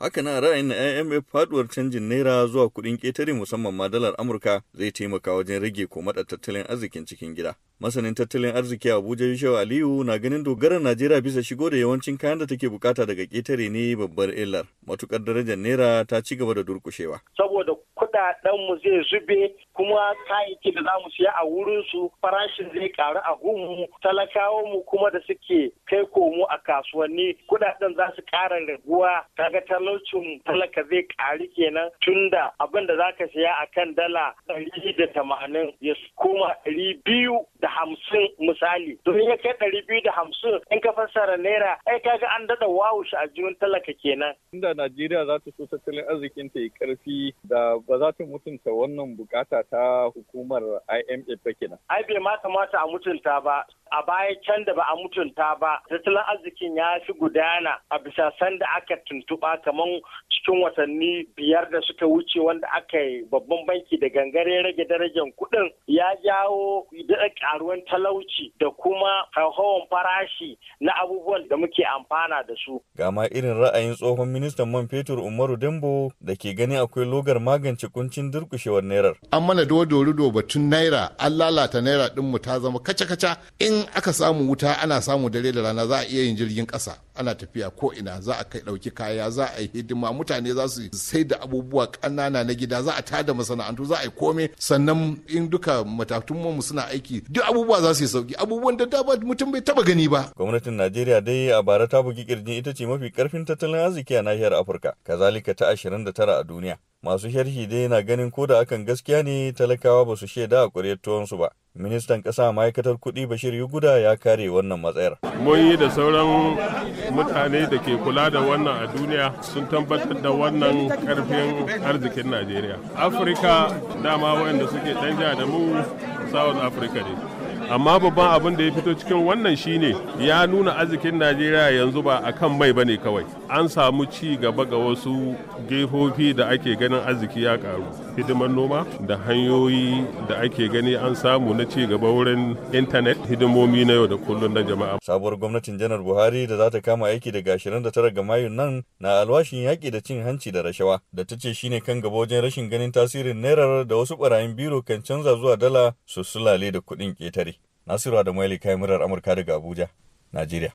Haka na ra'ayin IMF faduwar canjin naira zuwa kuɗin ƙetare musamman ma dalar Amurka zai taimaka wajen rage komaɗar tattalin arzikin cikin gida. Masanin tattalin arziki a Abuja Yusuf Aliyu na ganin dogarar Najeriya bisa shigo da yawancin kayan da take bukata daga ƙetare ne babbar illar. Matukar darajar naira ta ci gaba da durƙushewa. Saboda mu zai zube kuma kayayyakin da za mu siya a wurin su farashin zai karu a gunmu mu kuma da suke kai komo a kasuwanni Kudaden za su ƙara raguwa kaga talaucin talaka zai ƙari kenan tunda abin da za ka siya akan dala ɗari da tamanin ya koma biyu da hamsin misali domin ya kai ɗari biyu da hamsin in ka fassara naira ai kaga an dada wawu shi a jinin talaka kenan. Inda Najeriya za ta so tattalin arzikin ta yi ƙarfi da ba za ta mutunta wannan bukata ta hukumar IMF ba kenan. Ai bai ma kamata a mutunta ba a baya can da ba a mutunta ba tattalin arzikin ya fi gudana a bisa da aka tuntuɓa kamar cikin watanni biyar da suka wuce wanda aka yi babban banki da gangare rage darajar kuɗin ya jawo daɗa ƙaruwan talauci da kuma hauhawan farashi na abubuwan da muke amfana da su. Ga ma irin ra'ayin tsohon ministan man fetur Umaru Dambo da ke gani akwai logar magance kuncin durkushewar naira. An mana dodo rudo batun naira an lalata naira ɗinmu ta zama kaca-kaca in in aka samu wuta ana samu dare da rana za a iya yin jirgin ƙasa ana tafiya ko ina za a kai dauki kaya za a yi hidima mutane za su sai da abubuwa ƙanana na gida za a tada masana'antu za a yi kome sannan in duka matatun mu suna aiki duk abubuwa za su yi sauki abubuwan da dama mutum bai taba gani ba gwamnatin najeriya dai a bara ta bugi kirji ita ce mafi karfin tattalin arziki a nahiyar afirka kazalika ta 29 a duniya masu sharhi dai na ganin ko da akan gaskiya ne talakawa ba su shaida a ƙuryar tuwonsu ba ministan ƙasa ma'aikatar kuɗi bashir yuguda ya kare wannan matsayar mun yi da sauran mutane da ke kula da wannan a duniya sun tabbatar da wannan karfin arzikin najeriya afirka dama waɗanda suke jiha da mu south africa ne amma babban abin da ya fito cikin wannan shine ya nuna arzikin najeriya yanzu ba a kan mai bane kawai an samu ci gaba ga wasu gefofi da ake ganin arziki ya karu hidimar noma da hanyoyi da ake gani an samu na ci gaba wurin intanet hidimomi na yau da kullum na jama'a. Sabuwar gwamnatin janar Buhari da za ta kama aiki daga 29 ga Mayu nan na alwashin yaƙi da cin hanci da rashawa da ta ce shine kan gaba wajen rashin ganin tasirin naira da wasu barayin biro kan canza zuwa dala su sulale da kuɗin ƙetare. Nasiru Adamu Ali kai murar Amurka daga Abuja, Najeriya.